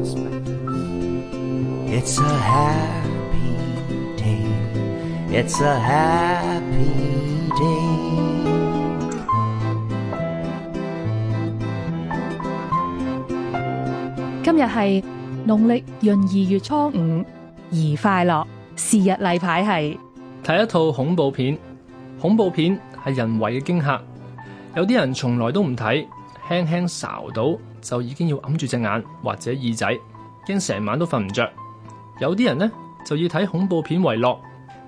今日係農曆閏二月初五，宜快樂。是日例牌係睇一套恐怖片。恐怖片係人為嘅驚嚇，有啲人從來都唔睇。輕輕勺到就已經要揞住隻眼或者耳仔，驚成晚都瞓唔着。有啲人呢，就以睇恐怖片為樂，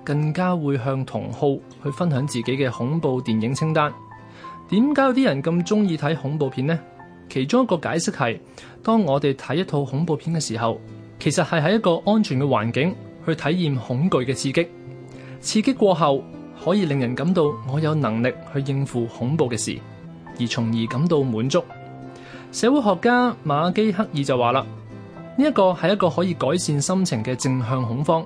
更加會向同好去分享自己嘅恐怖電影清單。點解有啲人咁中意睇恐怖片呢？其中一個解釋係，當我哋睇一套恐怖片嘅時候，其實係喺一個安全嘅環境去體驗恐懼嘅刺激。刺激過後，可以令人感到我有能力去應付恐怖嘅事。而從而感到滿足。社會學家馬基克爾就話啦：呢一個係一個可以改善心情嘅正向恐慌。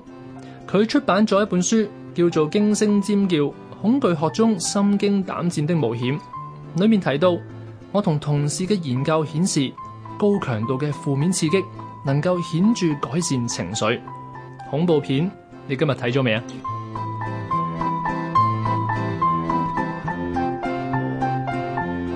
佢出版咗一本書，叫做《驚聲尖叫：恐懼學中心驚膽戰的冒險》。裏面提到，我同同事嘅研究顯示，高強度嘅負面刺激能夠顯著改善情緒。恐怖片，你今日睇咗未啊？